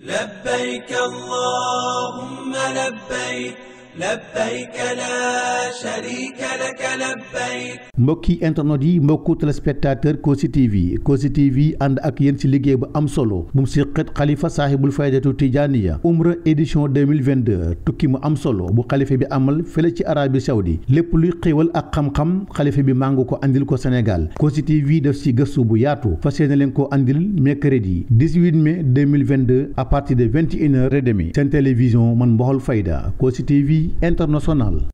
لبيك اللهم لبيك labbayk laa sharika laka labbayk mbokki internet yi mbokku téléspectateur Kossy TV kosi TV ànd ak yéen ci liggéey bu am solo bu mu siqat xalifa saahibul faydatu tijaniya umra édition 2022 tukki mu am solo bu xalifa bi amal fële ci Arabie Saoudi lépp luy xéewal ak xam-xam xalifa bi màngu ko andil ko Sénégal kosi TV def ci gëstu bu yaatu fas leen ko andil mercredi 18 mai 2022 à partir de 21h30 sen télévision man mboxol fayda kosi TV internacional.